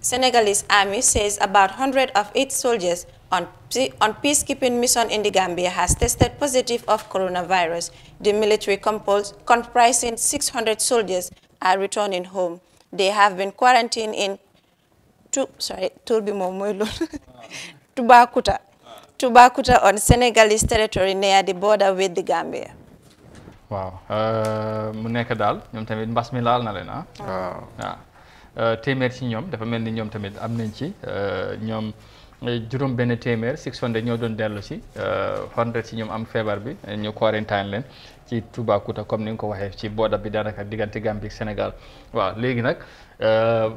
Senegalese army says about 100 of its soldiers on, on peacekeeping mission in the Gambia has tested positive of coronavirus. The military comprising 600 soldiers are returning home. They have been quarantined in tu, sorry, Tubakuta, Tubakuta on Senegalese territory near the border with the Gambia. Wow. Uh, mu nekk tamit mi laal na leen ah. Wow. Euh, téeméer ci ñoom dafa mel ni ñoom tamit am nañ ci euh, ñoom euh, juróom benn téeméer six hundred ñoo doon dellu si hundred ci ñoom am feebar bi ñu quarantine leen ci Toubacouta comme ni nga ko waxee ci booda bi daanaka diggante Gambie Sénégal waaw léegi nag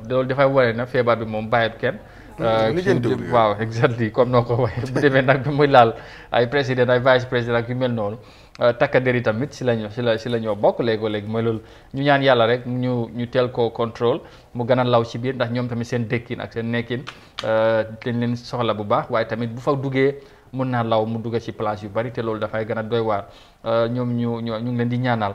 loolu dafay waree na feebar bi moom bàyyib kenn mm, waaw exactly comme noo ko waxee bu demee nag bi muy laal ay président ay vice président ak yu mel noonu Euh, der yi tamit si lañu si la si la ñoo bokk léegoo léegi mooy loolu ñu ñaan yàlla rek ñu ñu teel koo contrôle mu gën a law si biir ndax ñoom tamit seen dëkkin ak seen nekkin euh, dañ leen soxla bu baax waaye tamit bu fa duggee mun naa law mu dugg ci place yu bari te loolu dafay gën a doy waar euh, ñoom ñu ñu ngi leen di ñaanal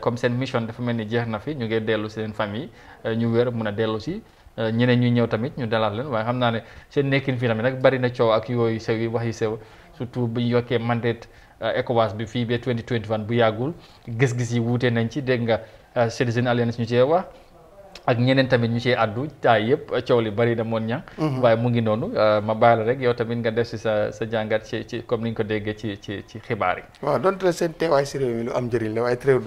comme seen mission dafa mel ni jeex na fi ñu ngi dellu seen famille ñu wér mun a dellu si ñeneen ñu ñëw tamit ñu dalal leen waaye xam naa ne seen nekkin fii tamit nag bari na coow ak yooyu sew yi wax yu sew surtout bi ñu yokkee mandate euh, ECOWAS bi fii ba 2021 bu yàggul gis-gis yi wuute nañ ci dégg nga euh, Citizen Alliance ñu cee wax ak ñeneen tamit ñu cee àddu taay yëpp coow li bari na moon ña mhm. waaye mu ngi noonu euh, ma bàyyi la rek yow tamit nga def si sa sa jàngat ci ci comme ni ñu ko déggee ci ci ci xibaar yi. waaw donte seen teewaay si réew mi lu am njëriñ la waaye très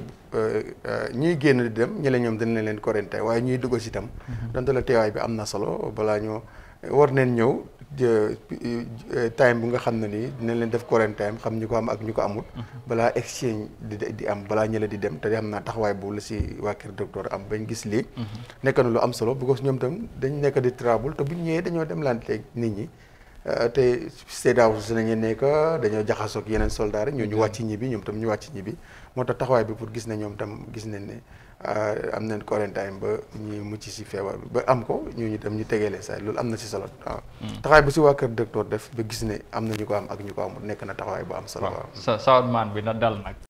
ñuy génn di dem ñi la ñoom dina leen leen korente waaye ñuy dugg si itam. Mhm. donte la bi am na solo balaa ñoo. war nañ ñëw time bu nga xam ne ni dinañ leen def quarantine xam ñu ko am ak ñu ko amul bala exchange di di am bala ñëlé di dem té am na taxway bu la ci wa kër docteur am bañ gis li mhm. nekk na lu am solo bu ko ñoom tam dañ nekk di trouble té bu ñëwé dañoo dem lanté nit ñi Euh, te CEDEAO si nañu ne que dañoo jaxasook ak yeneen soldats rek ñoo ñu wàcc ñibbi ñoom tam ñu wàcc ñibbi moo tax taxawaay bi pour gis ne ñoom tam gis nañ ne euh, am nañ quarantaine ba ñuy mucc si feebar ba am ko ñu tam ñu tegeelee saa loolu am na si solo waaw. Hmm. taxawaay bu si waa kër docteur def ba gis ne am na ñu ko am ak ñu ko amul nekk na taxawaay bu am solo. waaw sa sawar maan bi na dal nag.